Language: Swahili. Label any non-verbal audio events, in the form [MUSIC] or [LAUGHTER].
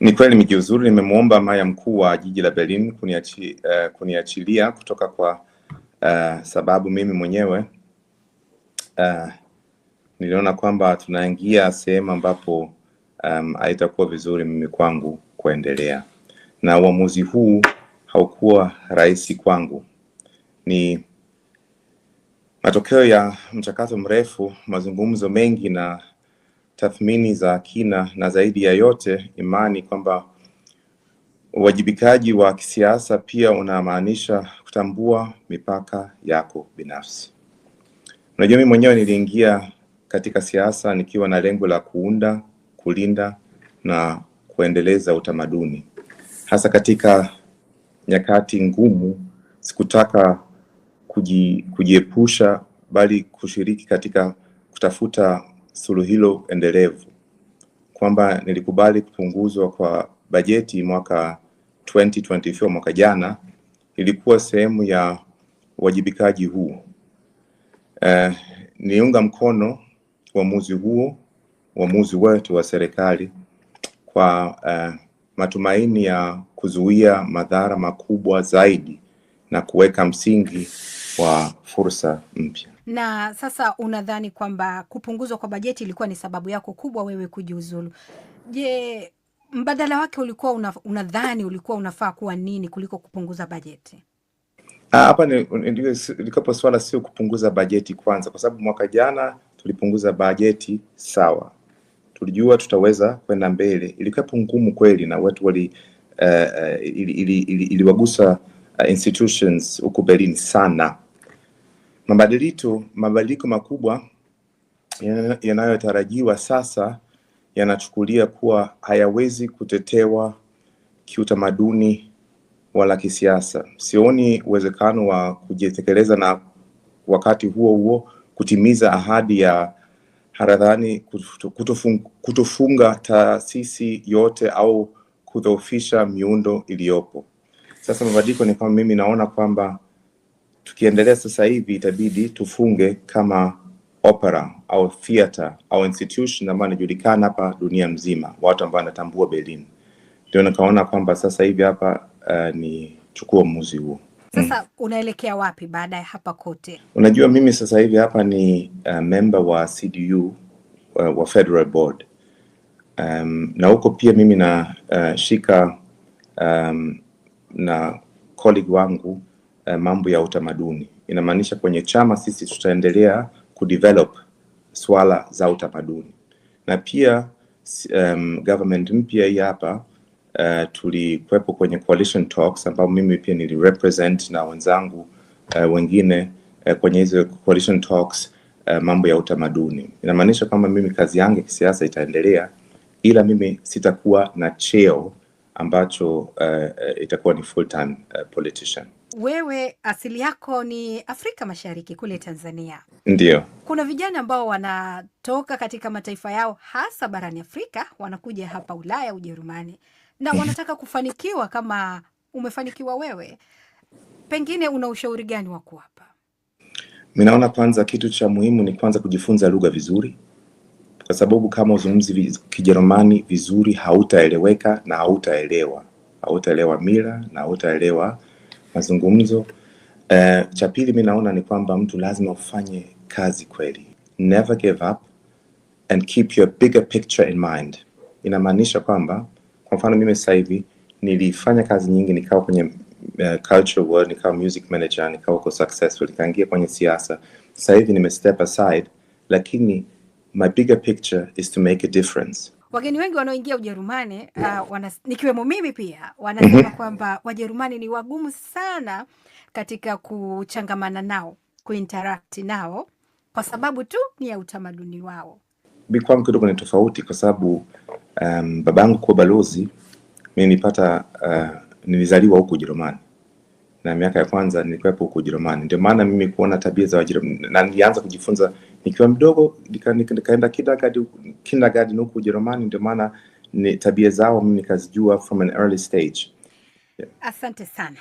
Ni kweli nimejiuzulu, nimemwomba maya mkuu wa jiji la Berlin kuniachi, uh, kuniachilia kutoka kwa uh, sababu mimi mwenyewe uh, niliona kwamba tunaingia sehemu ambapo um, haitakuwa vizuri mimi kwangu kuendelea, na uamuzi huu haukuwa rahisi kwangu. Ni matokeo ya mchakato mrefu, mazungumzo mengi na tathmini za kina na zaidi ya yote imani kwamba uwajibikaji wa kisiasa pia unamaanisha kutambua mipaka yako binafsi. Unajua, mimi mwenyewe niliingia katika siasa nikiwa na lengo la kuunda, kulinda na kuendeleza utamaduni, hasa katika nyakati ngumu. Sikutaka kujiepusha bali kushiriki katika kutafuta suluhilo endelevu kwamba nilikubali kupunguzwa kwa bajeti mwaka 2024 mwaka jana ilikuwa sehemu ya uwajibikaji huu. Eh, niunga mkono uamuzi huo, uamuzi wetu wa serikali kwa eh, matumaini ya kuzuia madhara makubwa zaidi na kuweka msingi wa fursa mpya. Na sasa unadhani kwamba kupunguzwa kwa bajeti ilikuwa ni sababu yako kubwa wewe kujiuzulu. Je, mbadala wake ulikuwa una, unadhani ulikuwa unafaa kuwa nini kuliko kupunguza bajeti? Ah, hapa ilikapo swala sio kupunguza bajeti kwanza, kwa sababu mwaka jana tulipunguza bajeti sawa, tulijua tutaweza kwenda mbele. Ilikapo ngumu kweli, na watu wali uh, eh, iliwagusa eh, ili, ili, ili uh, institutions Berlin sana Mabadiliko mabadiliko makubwa yanayotarajiwa sasa yanachukulia kuwa hayawezi kutetewa kiutamaduni wala kisiasa. Sioni uwezekano wa kujitekeleza na wakati huo huo kutimiza ahadi ya haradhani kutofunga, kutofunga taasisi yote au kudhoofisha miundo iliyopo. Sasa mabadiliko ni kama mimi naona kwamba tukiendelea sasa hivi itabidi tufunge kama opera au theater au institution ambayo inajulikana hapa dunia mzima, watu ambao wanatambua Berlin. Ndio nikaona kwamba sasa hivi hapa uh, ni chukua muzi huo. Sasa mm, unaelekea wapi baada ya hapa kote? Unajua, mimi sasa hivi hapa ni uh, member wa CDU uh, eh, wa Federal Board um, na huko pia mimi na uh, shika um, na colleague wangu eh, mambo ya utamaduni. Inamaanisha kwenye chama sisi tutaendelea kudevelop swala za utamaduni na pia um, government mpya hii hapa uh, tulikuwepo kwenye coalition talks ambapo mimi pia nilirepresent na wenzangu uh, wengine uh, kwenye hizo coalition talks uh, mambo ya utamaduni. Inamaanisha kwamba mimi kazi yangu ya kisiasa itaendelea, ila mimi sitakuwa na cheo ambacho uh, itakuwa ni full time uh, politician. Wewe asili yako ni Afrika Mashariki kule Tanzania. ndio Kuna vijana ambao wanatoka katika mataifa yao hasa barani Afrika wanakuja hapa Ulaya, Ujerumani na [LAUGHS] wanataka kufanikiwa kama umefanikiwa wewe. Pengine una ushauri gani wa kuwapa? Mi naona kwanza kitu cha muhimu ni kwanza kujifunza lugha vizuri, kwa sababu kama uzungumzi Kijerumani vizuri hautaeleweka na hautaelewa, hautaelewa mila na hautaelewa mazungumzo. Uh, cha pili mi naona ni kwamba mtu lazima ufanye kazi kweli. Never give up and keep your bigger picture in mind. Inamaanisha kwamba kwa mfano mimi sasa hivi nilifanya kazi nyingi, nikawa kwenye uh, culture world, nikawa music manager, nikawa uko successful, nikaingia kwenye siasa. Sasa hivi nime step aside, lakini my bigger picture is to make a difference Wageni wengi wanaoingia Ujerumani uh, ah, wanas, nikiwemo mimi pia wanasema mm -hmm. kwamba Wajerumani ni wagumu sana katika kuchangamana nao, kuinteract nao kwa sababu tu ni ya utamaduni wao. Kwangu kidogo ni tofauti kwa sababu um, babangu kuwa balozi, mi nipata uh, nilizaliwa huko Ujerumani na miaka ya kwanza nilikwepo huku huko Ujerumani, ndio maana mimi kuona tabia za Wajerumani na nilianza kujifunza Nikiwa mdogo nikaenda kindergarten, kindergarten huku Ujerumani, ndio maana ni tabia zao mimi nikazijua from an early stage. Yeah. Asante sana.